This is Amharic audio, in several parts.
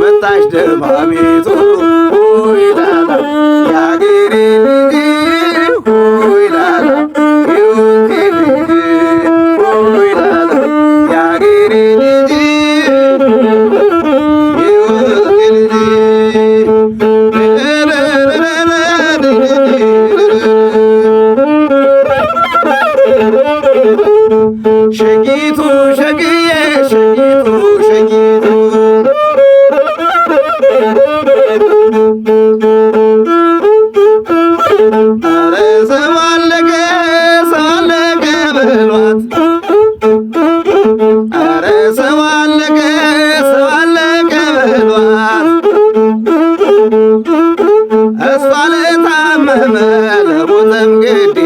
መጣሽ ደማሚቱ ያገሬ good,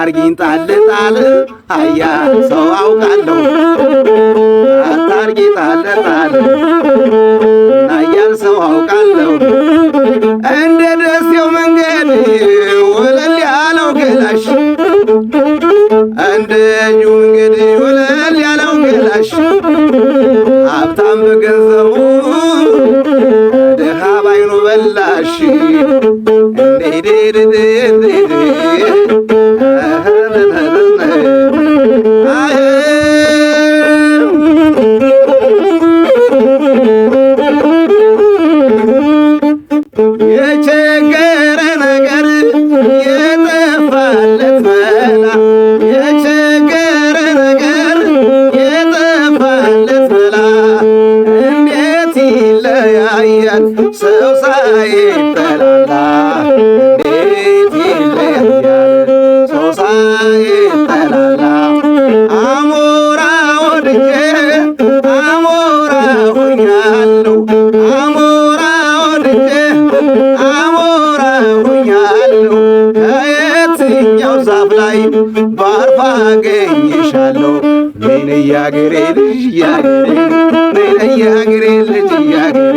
አታርጊ ጣል አያ ሰው አውቃለሁ አታርጊ ጣል ጣል አያን ሰው አውቃለሁ እንደ ደሴው መንገድ ወለል ያለው ገላሽ እንደ ይለያል ሰው ሳይጠላላ አሞራ ወድቄ አሞራ ሆኛለሁ አሞራ ወድቄ አሞራ ሆኛለሁ ከየትኛው ዛፍ ላይ ባርፋ አገኝሻለሁ ምን ያገሬ ልጅ ያገሬ ምን ያገሬ ልጅ ያገሬ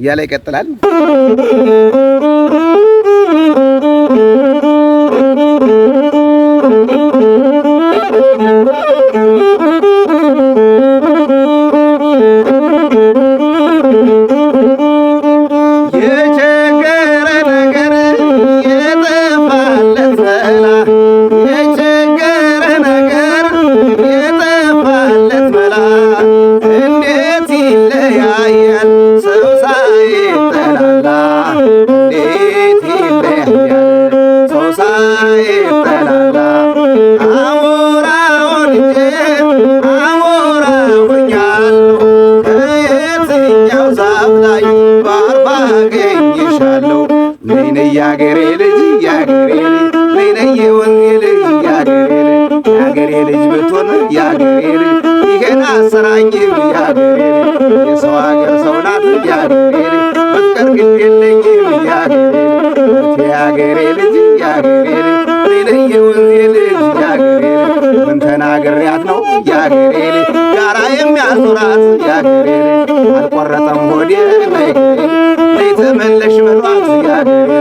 እያለ ይቀጥላል። ያገሬ ልጅ ጋራ የሚያዙራት ያገሬ አልቆረጠም ሆዴ ነይ ነይ ተመለሽ በሏት ያገሬ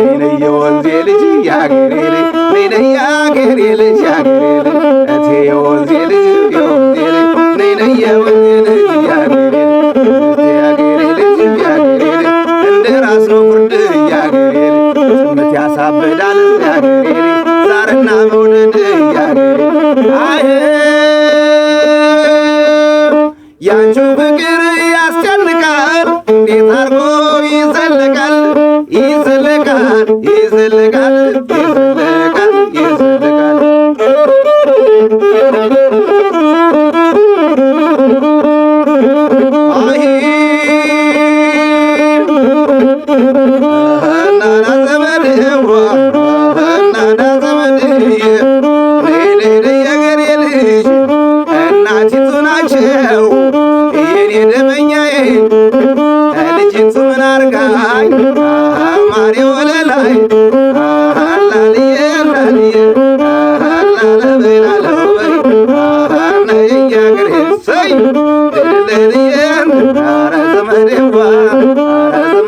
ነይ ነይ የወንዜ ልጅ ያገሬ ነይ ነይ ያገሬ ልጅ ያገሬ እውነት እያለ አየ ያንቹ ፍቅር ዘመዴዋ